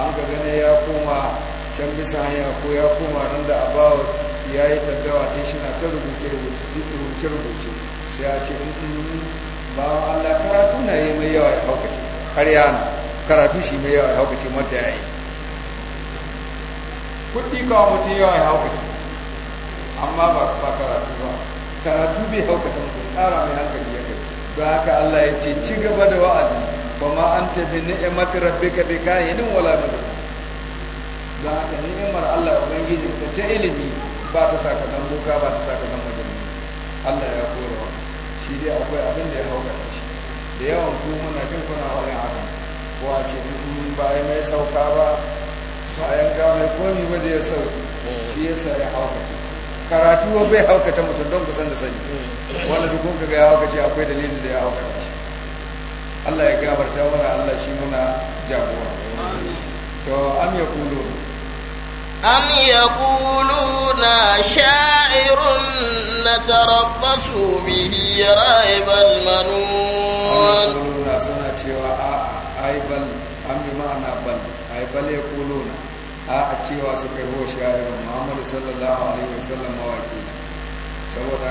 an ga gane ya koma can bisa hanya ko ya koma nan da abawa ya yi tattawa ce shi na ta rubuce rubuce sai a ce in mm, mm, mm, ba Allah karatu na yi mai yawa ya haukace karya na karatu shi mai yawa ya haukace mata ya yi kuɗi kawo mutum yawa ya haukace amma ba ba karatu ba karatu bai haukata mutum tsara mai hankali ya kai don haka Allah ya ce ci gaba da wa'azi ba ma an tafi ni'imar rabbika bi kahinin wala bi don haka ni'imar Allah ubangiji ta ce ilimi ba ta saka dan boka ba ta saka dan majalisi Allah ya kore wa shi dai akwai abin da ya haukata shi da yawan ku muna jin kuna wani hakan ko a ce in ba ya mai sauka ba bayan ga mai komi ba da ya sauki shi ya sa ya haukata karatu wa bai haukata mutum don kusan da sani wanda duk kun ga ya haukace akwai dalilin da ya haukata shi Allah ya gabarta mana Allah shi muna jagora to am yakulu أم يقولون شاعر نتربص به رائب المنون ai bal bal bal ya a a cewa su kai muhammadu saboda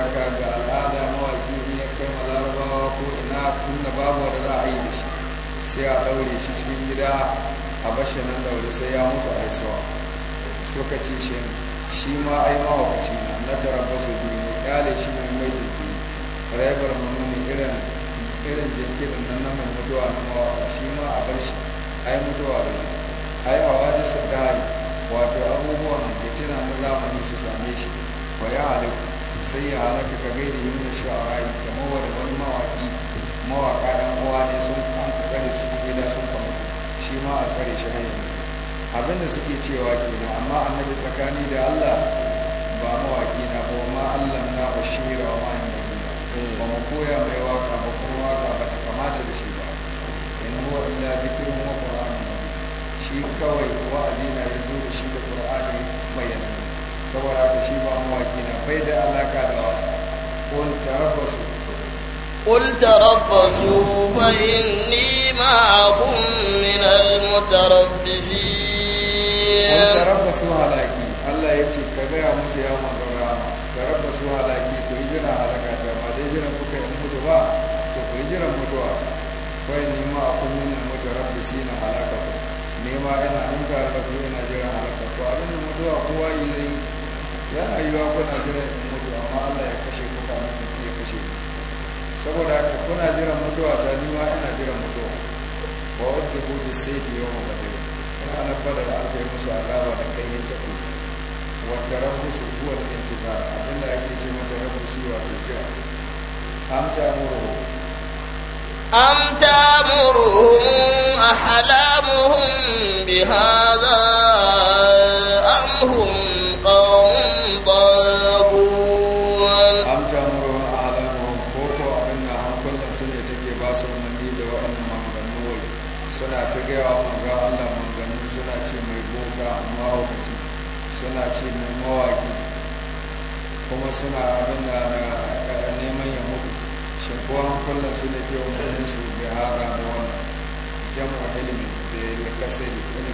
haka ga al'ada mawaki ya kai malarabawa ko ina kunna babu wanda za a yi shi sai a daure shi cikin gida a bashi nan daure sai ya mutu a suka shi shi shi ma ai shi na na tarabba su biyu ne kyale shi ne mai jiki raibar mu ne irin irin jirgin nan na mai mutuwa na mawaka shi ma a bar shi ai mutuwa da shi ai a da su dahi wato abubuwan fitina na zamani su same shi ba ya halittu sai ya halaka ka gaida yin da sha'arai kamar wani wani mawaki mawaka ɗan uwa ne sun an kakare su gida sun kwamutu shi ma a tsare shi ne. abin da suke cewa ke kenan amma annabi tsakani da Allah ba mawaki na ba ma Allah na bashira wa ma ba mu koya mai waka ba kuma waka ba ta kamata da shi ba in huwa illa zikrun wa qur'an shi kawai wa'azi na yazo da shi da qur'ani bayyana saboda ka shi ba mawaki na bai da alaka da waka qul tarabbasu قل تربصوا فإني معكم من المتربصين an tarafa su halaki Allah ya ce ka gaya musu ya manzon rama tarafa su halaki ku yi jiran halaka ta ma dai jiran kuka yi mutu ba to ku yi jiran mutuwa kawai nema a kullum ne mutu rabbi shi na halaka ku nema yana in ka rabu yana jiran halaka ku abin da mutuwa kowa yi zai yana yiwa kuna jiran mutu amma Allah ya kashe kuka mutu ya kashe saboda haka kuna jiran mutuwa ta nima ina jiran mutuwa wa wadda ku bi sai da yawan mutuwa ana fara da aka yi musu alama da kai yin tafi wanda rabu su kuwa da intifa abinda ake ce mata rabu su wa tafiya am ta muru am ta muruhum ahlamuhum bihadha am hum mawaki kuma suna abin da na neman ya mutu shi ko kulla su da ke umarnin su bai haɗa da wannan jama'a ilimi da ya kasa ilimi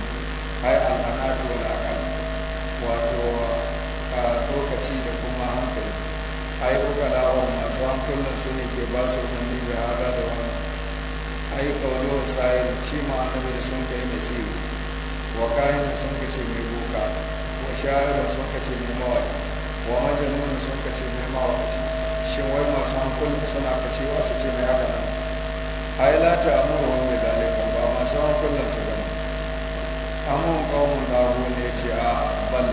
ai al'anatu wal aqal wato a lokaci da kuma hankali ai ukalawa masu kulla su ne ke ba su wani bai haɗa da wannan ai kawo sa'ir ci ma da sun kai mai tsiri wa kayan sun kace mai boka sha'irin sun kace mai mawaƙi wa majanunin sun kace mai mawaƙi shin wai masu hankulin suna kacewa su ce mai haka nan ai ta amuru wa mai zalika ba masu hankulin su gani amun kawon dago ne ce a bal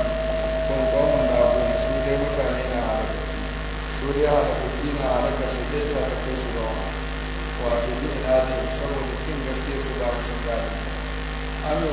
kun kawon dago ne su dai mutane na halaka su dai halaka na halaka su dai ta kai su ba wato ni ina saboda kin gaske su ba su gani an ne?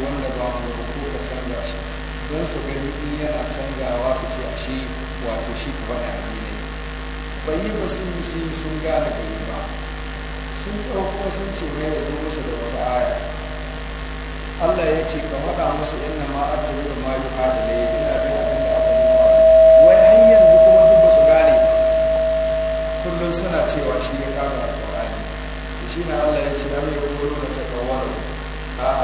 don su gani in yana canzawa su ce a shi wato shi kuma da ne bai yi ba sun yi sun gane bai ba sun ɗauko sun ce mai yanzu musu da wata aya Allah ya ce ka faɗa musu inna ma attabi da ma yuha da ne ina bin abin da aka nuna wai har yanzu kuma duk ba su gane kullum suna cewa shi ya kama alƙur'ani to shi na Allah ya ce ya mai gudu da takawar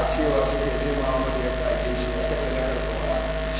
a cewa suke zai Muhammadu ya kage shi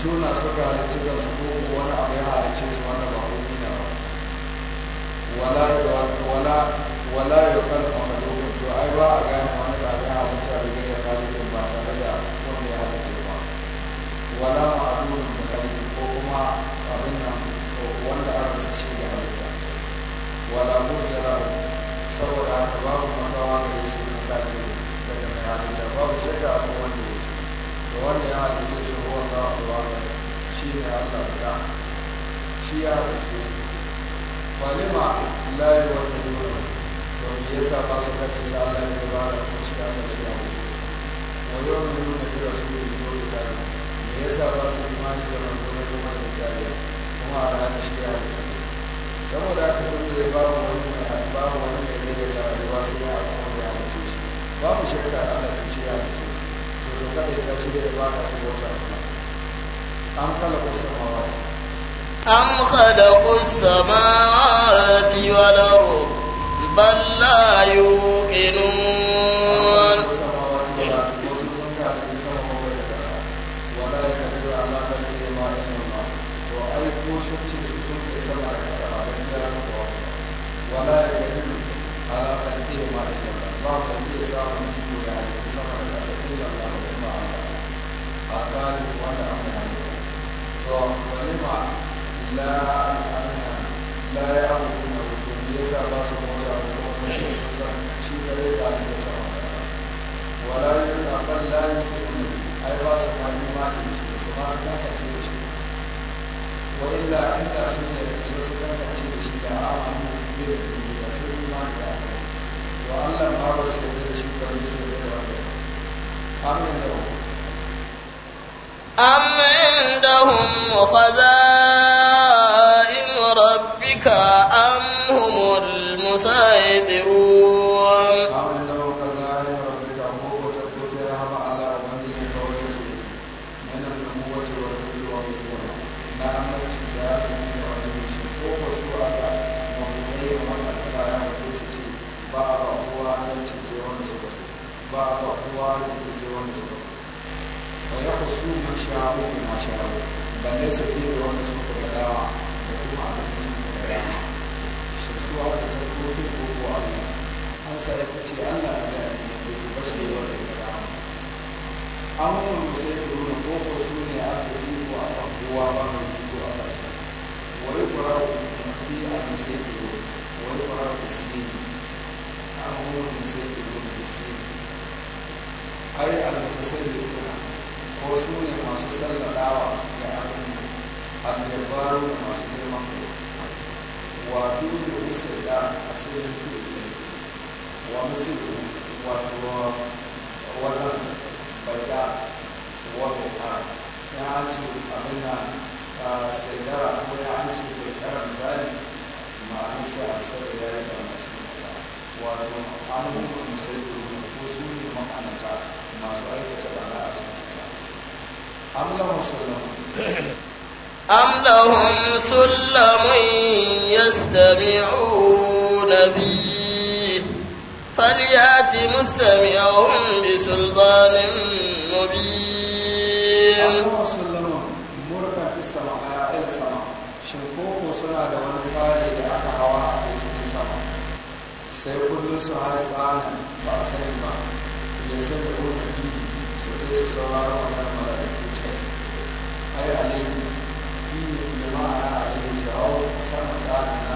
suna suka halicci su ko wani abu ya halicce su wanda ba hukumi na ba wala ya kan amalu to ai ba a gane wani da ya halicce da ya halittin ba tare da wani ya halicce ba wala ma'adun da kalli ko kuma abin nan wanda aka su shi da halitta wala da mujara saboda haka babu shi da yake da daga mai halitta babu shakka akwai wanda yake da wanda ya halicce Allah wahda shi ne Allah guda shi ya race su ba su Allah ne ba da shi Allah shi ya race ba su imani da kuma da kuma a ranar shi ya race saboda haka duk da wani babu wani da ya da rayuwa sai ya kuma ya race shi Allah ya race to kada ya tashi da ba ka su wata أم خلقوا السماوات أم خلقوا السماوات والأرض بل لا يوقنون ولا يجب على قلبه ما إلا بعض قلبه صار من كل يعني سمع الأشياء إلا الله وإلا الله أقال وأنا أمن عليه ولم لا أنها لا يأخذون الوجود ليس باس موجة وكما شيء كريم على الجسم ولا يتقل لا يمكن أي باس موجة ما تمشي سما سكان تشيش وإلا أنت سنة تشيش سكان تشيش لا أعلم به يسير ما تأخذ وألا ما بسير شيء كريم سير وعليه أمين لهم أمين عندهم خزائن ربك أم هم المسيطرون ba a ba da ba ba ya kusu min sha'u min sha'u balle su ke da wanda sun kuka da da kuma abin da sun kuka da shi su a da tabbobin ko ko Allah an sa ya tace Allah da ya yi su bashi da wanda ya da amma mun sai da wani ko ko su ne a da yi ko a ba kowa ba ne ko a ba shi wai kura ko bi a mun sai da wani kura ko sini amma mun sai da wani sini ai al-mutasarrif ko su ne masu salladawa da abin aljabaru da masu girman kai wato da musul da asirin su wa musul wato wazan baida wa baita ya ce abin da saidara ko ya ce baitara misali ma'ana sai a sai da ya kamace masa wato an yi wani ko su ne ma'anata masu aikata da na a cikin أم لهم سلم يستمعون به فليأت مستمعهم بسلطان مبين sai kullum su hada ba a sanin ba da sai da kuma su zai su sauraron wannan أي عليهم فيه بمعنى عليه شعور كما ساعدنا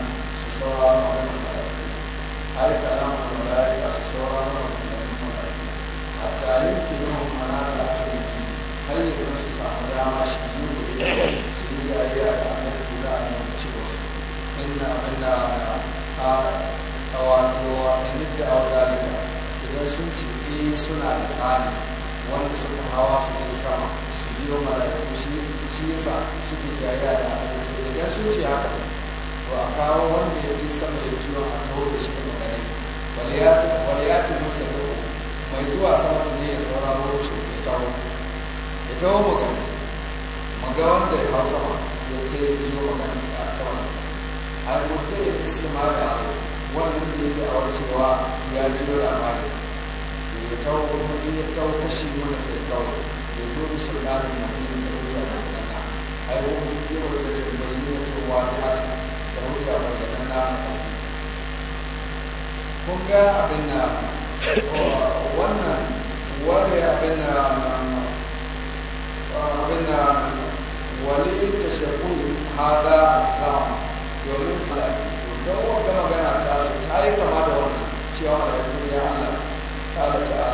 سسوى من الملائكة أي كلام الملائكة سسوى من الملائكة حتى يمكنهم منال العقيدة هل يمس سعداء شديد سيدي أيها الأمير إلى أن يمشي إن إن wato wani da auda daga idan sun ce suna da tsari wanda suka hawa su ke sama don mala'iku shi yasa suke jaya da idan sun ce haka to a kawo wanda ya ji sama ya ji a kawo da shi kan gare wale ya ci musa mai zuwa sama ne ya sauraro shi ya kawo ya kawo magana maga wanda ya hau sama ya ce ya ji magana a sama a rubuta ya fi sama da wannan da ya ji a wacewa ya ji labari ya kawo kuma ya kawo kashi wanda zai kawo يكون سلطان مبين يروي عن أي هو يبرز البينة الواضحة يروي عن الأنام kun ga abin na wannan wani abin na abin na wani ta shekun hada zama domin malaki don wanda magana ta su ta yi kama da wannan cewa malaki ya Allah ta da ta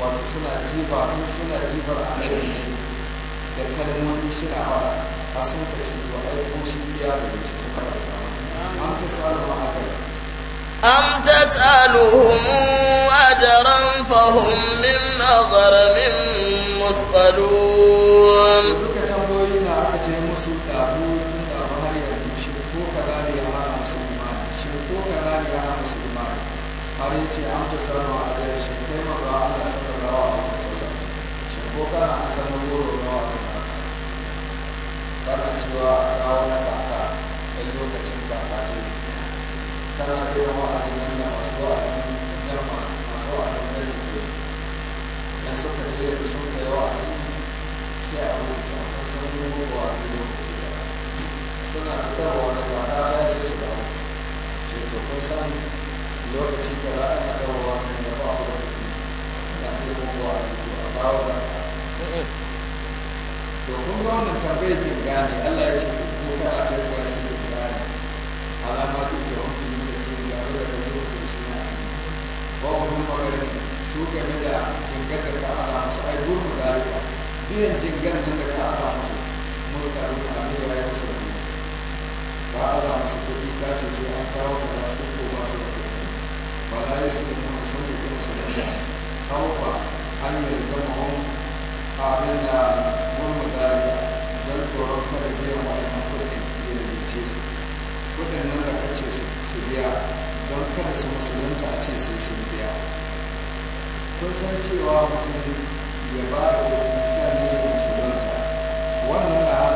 wato suna jiba su suna jibar annabi da kalmomi suna fara a sun ka ce to ai ko shi ya da shi kuma am tasalu haka am tasaluhum ajran fa hum min maghramin musqalun wa a na kaka ɗan lokacin ta yi tana cewa wa'azin nan da masu wa'azin da masu wa'azin da ke da suka ce da sun kai wa'azin sai a rubuta a kusan nemo wa'azin lokaci da suna fitarwa da kaka ta sai su dawo ce to kun san lokaci da za a fitarwa da ba a lokaci da ke nemo wa'azin a kawo na ta to kun ga wannan tambayar kin gane Allah ya ce ko ba a kai wa shi kin gane alama ta ke wani kin da kin ga da da ko shi na ba mun magana su da jin ga da ka su ai gurin da ya biyan gane ga da ka ala su mun ka ruwa ne ya yi su ba ala su ko ta ce sai an kawo ka su ko ba su ba la su da kuma sun da kuma su da kawo ba an yi zama abin da gurguta don tsoron kada biyan wa'annan kudin ya rubuce su kudin nan da kace su biya don kada su musulunta a ce sai sun biya kun san cewa mutum ya ba da sannan ya musulunta wannan na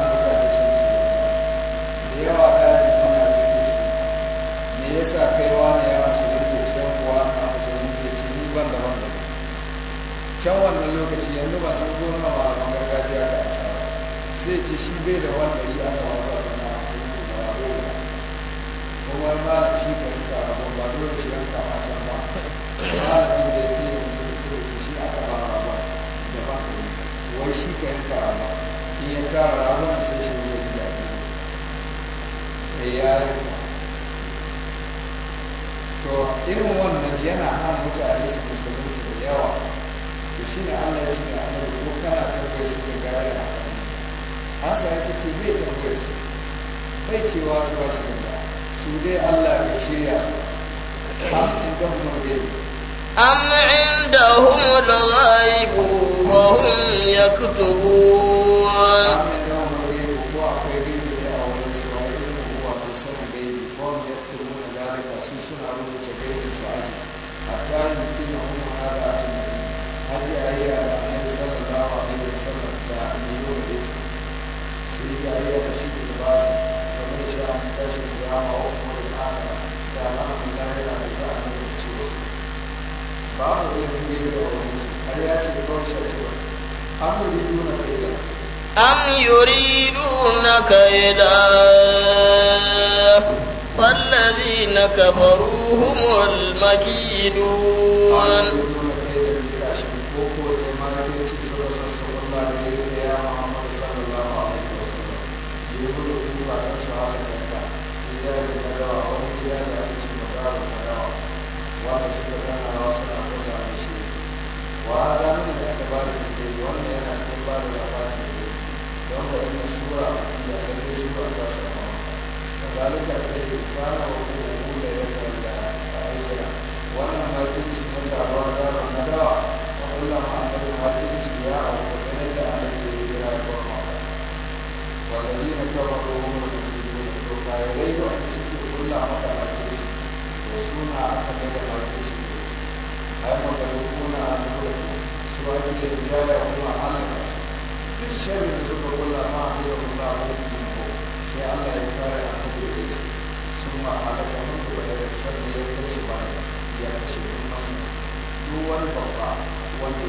can wannan lokaci yanzu ba sun ko na ba a gargajiya da sai ce shi bai da wanda yi aka wata na kuma ba shi ka yi karabo ba dole shi an kama can ba ba a yi da ya yi shi aka ba ba da ba wai shi ka yi karabo in ya tara sai shi ne ya yi eh, to irin wannan yana hana mutane su musulunci da yawa shi ne Allah ya ce da annabi ko kana tambaye su da gaya da hasa ya ce bai tambaye su bai cewa su ba shi da su dai Allah ya shirya su ha in ga mu ne am indahum al-ghaib wa hum yaktubun jayayya da annabi sallallahu alaihi wasallam da annabi da yake su yi jayayya da shi da ba su da mai shi an tashi da yawa wa kuma da ana da alamun lahira da za a nuna ce wasu ba mu yi da wani su har ya ce kawai shakewa an mu yi nuna kaida أم يريدون كيدا والذين كفروا هم المكيدون وانا ما كنت من دعوى دار الندى وكلما ان هذه الشياع وكذلك التي بها القرآن والذين كفروا هم المسلمون فيريد ان يشركوا كل عمل العزيز وسنة أحد العزيز هم يقولون عن ملكه سواء الرجال وما علمت da a da sai ya kare a kan da ya sun da ba wani babba wanda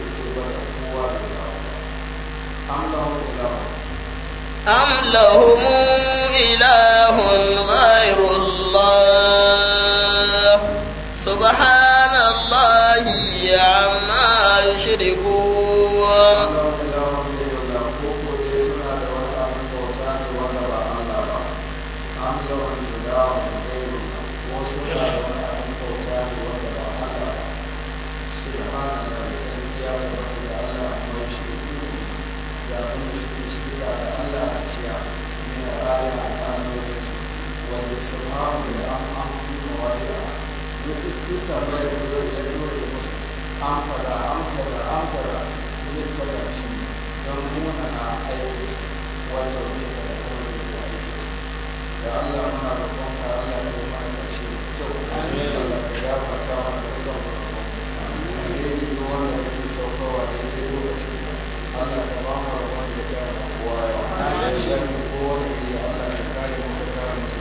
ya fi tambaya da ya musu na aiki wanda wani ya fara kuma da ya aiki da Allah ya yi mana da wanda ya zama da ya ba mu da ya ya Allah ya kare mu da kare musu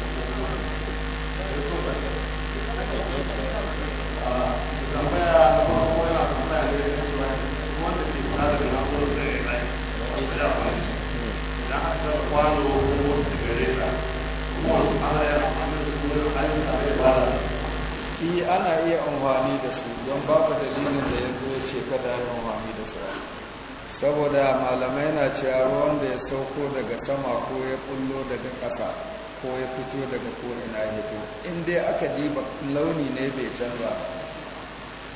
E, ana iya amfani da su don babu dalilin da yanzu ya ce kada ya amfani da su saboda malamai na cewa ruwan da ya sauko daga sama ko ya kullo daga ƙasa ko ya fito daga ko'ina ya fito in dai aka diba launi ne bai canza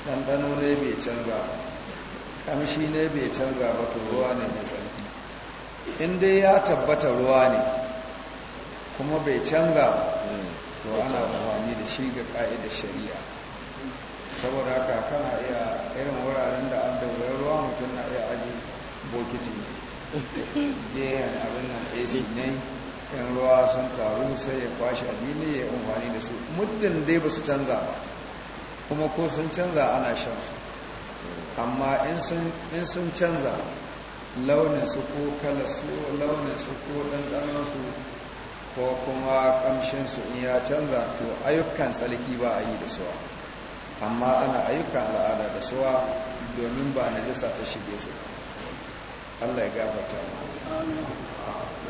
ɗanɗano ne bai canza ƙamshi ne bai canza ba to ruwa ne mai tsarki in ya tabbata ruwa ne kuma bai canza to ana amfani da shi ga ƙa'idar shari'a saboda haka kana iya irin wuraren da an dogara ruwa mutum na iya aji bokiti ne gehen abin nan ac ne yan ruwa sun taru sai ya kwashe addini ya umarni da su muddin dai ba su canza ba kuma ko sun canza ana shan su amma in sun canza launin su ko kalasu launin su ko ɗanɗanon su ko kuma ƙamshin su in ya canza to ayyukan tsarki ba a yi da suwa amma ana ayyukan al'ada da suwa domin ba na jisa ta shige su Allah ya gafarta mu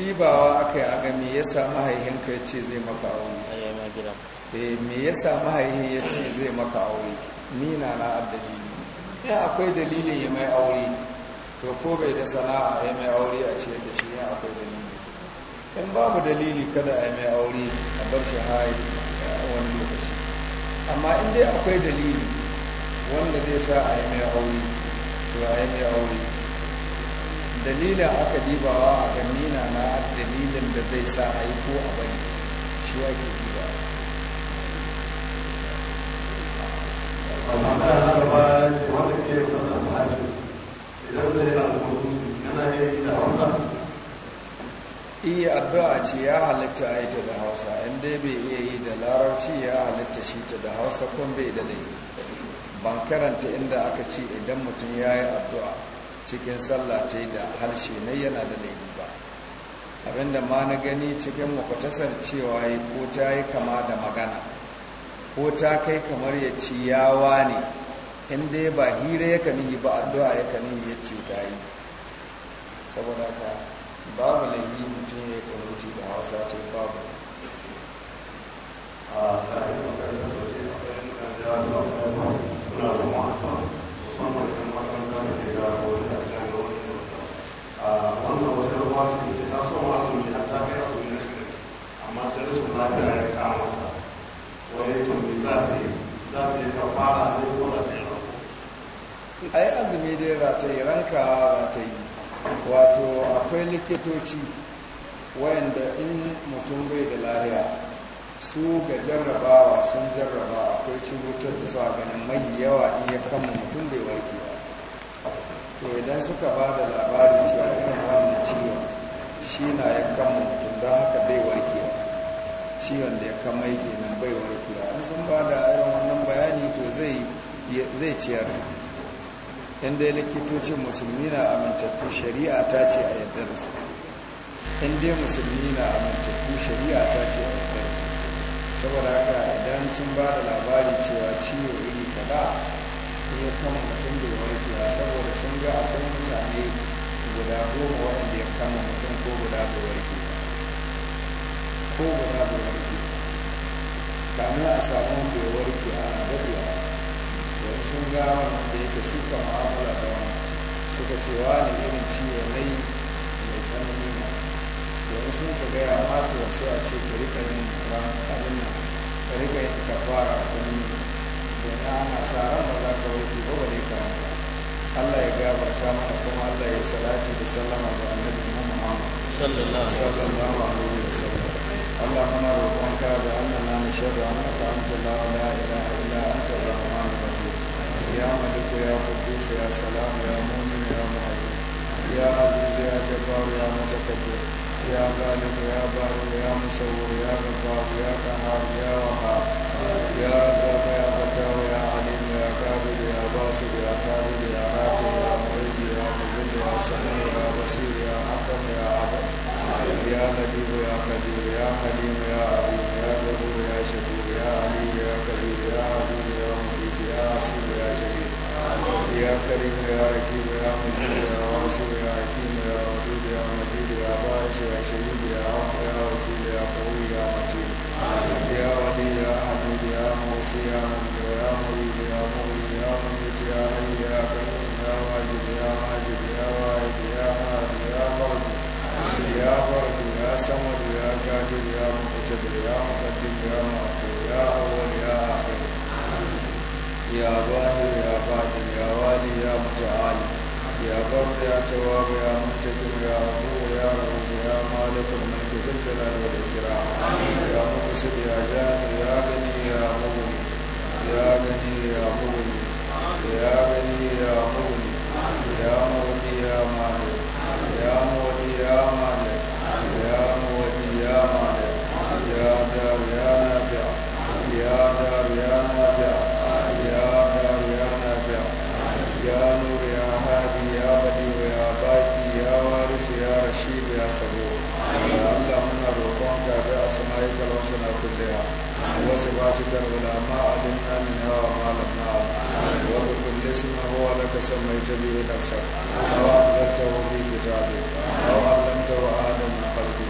dibawa aka yi aga me ya sa mahaihinka ya ce zai maka aure eh, me ya sa mahaihin ya ce zai maka aure nina na addalili ya akwai dalilin ya mai aure to ko bai da sana'a ya mai aure a ce da shi ya akwai dalili in babu dalili kada ya mai aure a bar shi hayi wani lokaci amma in dai akwai dalili wanda zai sa a yi mai aure to a yi mai aure dalilin aka dibawa a ganina na dalilin da zai sa a yi ko a bari shi ake diba iya addu'a ce ya halitta a yi ta da hausa in dai bai iya yi da larabci ya halitta shi ta da hausa kun bai da ban karanta inda aka ce idan mutum ya yi addu'a cikin sallah ta yi da harshe na yana da laifi ba abinda ma na gani cikin makwatasar cewa ya ko ta yi kama da magana ko ta kai kamar ya ci yawa ne inda ya ba hira ya yi ba addu'a ya kan yi ya ce ta yi saboda ka babu laifi mutum ya yi da hausa ce babu a ƙarfi makarantar da ke makarantar da ya da kuma suna da ma'aikata musamman 我。wannan wata ruwa ce da ta so ma su ta kai su ne shi amma sai ya kama ta yi yi ai azumi dai za ta yi ranka za ta yi wato akwai likitoci wayanda in mutum bai da lariya, su ga jarrabawa sun jarraba akwai cutar da su a ganin mai yawa in ya kama mutum bai warke to idan suka ba da labari cewa irin wannan ciwon shi na ya kama mutum don haka bai warkewa ciwon da ya kama yake nan bai warke an sun ba da irin wannan bayani to zai ciyar in dai likitocin musulmi na amintattu shari'a ta ce a yadda da su in dai musulmi na amintattu shari'a ta ce a yadda da su saboda haka idan sun ba da labari cewa ciwo iri kada ya kama mutum da warkewa saboda sun ga akwai mutane guda goma waɗanda ya kama mutum ko guda da warke ko guda da warke kamin a samu da ya warke ana daɗewa Wani sun ga wanda yake suka ma'amala da wani suka ce ne irin ciwo nai mai tsanani na Wani sun ka gaya mata sai a ce ka rika yin ran abin nan ka rika yin na ana sa ran ba za ka wuce ba ba ka wanka Allah ya gafarta mana kuma Allah ya salati da sallama ga annabi Muhammad sallallahu alaihi wasallam Allah muna roƙonka da annana na shaɗa annaka anta la ilaha illa anta rahman rahim ya maliku ya qudus ya salam ya mu'min ya mu'min ya aziz ya jabbar ya mutakabbir ya خالق ya بار ya مصور ya غفار ya قهار ya وهاب ya رزاق ya فتاوى قابل يا باسط يا قابل يا رافع يا معز يا مذل يا سميع يا بصير يا حكم يا عدل يا نجيب يا قدير يا حليم يا عظيم يا غفور يا شكور يا علي يا كبير يا عظيم يا مجيد يا عصيم يا جليل يا كريم يا ركيب يا مجيد يا واسع يا حكيم يا ودود يا مجيد يا بارش يا شهيد يا عفو يا وكيل يا قوي يا متين يا ولي يا حميد يا موسي يا مجد يا مريد يا مغني يا مجد يا حي يا قيوم يا واجد يا ماجد يا واحد يا هادي يا فرد يا فرد يا صمد يا قادر يا مقتدر يا مقدم يا مؤخر يا اول يا اخر يا ظاهر يا باطن يا والي يا متعال يا بر يا تواب يا منتجم يا عفو يا رؤوف يا مالك الملك ذو الجلال والإكرام يا مقصد يا جاني يا غني يا مغني يا غني يا مغني يا غني يا مغني يا مغني يا مالك يا مغني يا مالك يا مغني يا مالك يا دار يا نافع يا دار يا نافع يا دار يا نافع يا نور ya wari su ya rashi da ya sabo Allah muna roƙon ga da a na kulliya wasu ba ci da rula ma a din malam na wadda kulle suna hawa da kasar mai jabi da kasa hawa a zarta wuri da jabi hawa a lanta wa adam na farko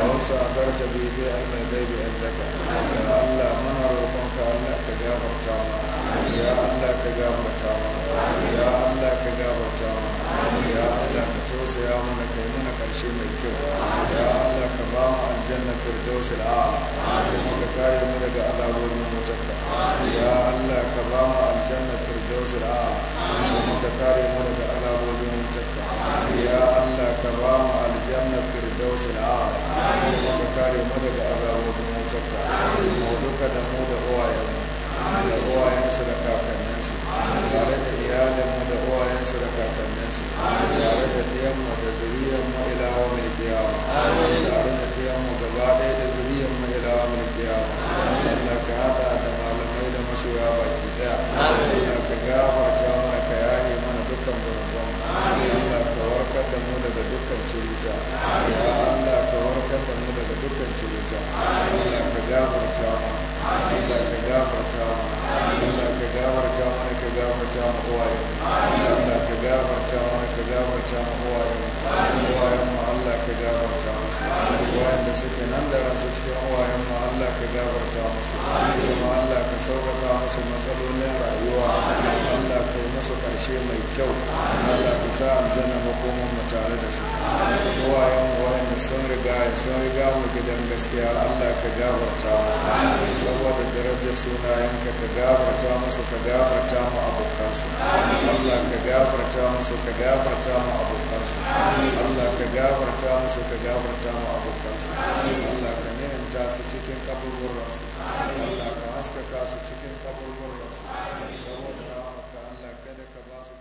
a zarta bi da yan mai bai bi yadda Allah muna roƙon ga Allah ka gabata ma ya Allah ka gabata ma ya Allah ka gabata ma tausaya mana kai mana karshe mai kyau ya Allah ka ba mu aljanna firdaus al'ala kuma ka kare mu daga azabobin wutarka ya Allah ka ba mu aljanna firdaus al'ala kuma ka kare mu daga azabobin wutarka ya Allah ka ba mu aljanna firdaus al'ala kuma ka kare mu daga azabobin wutarka mu duka da mu da uwayenmu da uwayensu da kakanninsu tare da iyalin mu da uwayensu da kakanninsu tare da ɗiyanmu da zuriyanmu ilawa mai kiyama tare da gaba ɗaya da zuriyanmu ilawa mai kiyama Allah ka da malamai da masoyawa baki ɗaya Allah ka gafarta mana dukkan da dukkan da dukkan Allah ka gafarta mana ka gafarta mana uwaye Allah gafarta mana ka gafarta mu uwaye mu Allah ka gafarta da suke nan da ransu cikin uwayen mu Allah ka gabarta musu kuma Allah ka sauƙaƙa musu matsalolin rayuwa Allah ka yi musu ƙarshe mai kyau Allah ka sa aljanna makoman mu tare da su uwayen mu wanda sun riga sun riga mu gidan gaskiya Allah ka gabarta musu saboda darajar sunayenka ka gabarta musu ka gabarta mu abokansu Allah ka gabarta musu ka gabarta mu abokansu Allah ka gafarta musu ka gafarta mu abokansu Allah ka ni'imta su cikin kaburburansu Allah ka haskaka su cikin kaburburansu saboda Allah kada ka ba su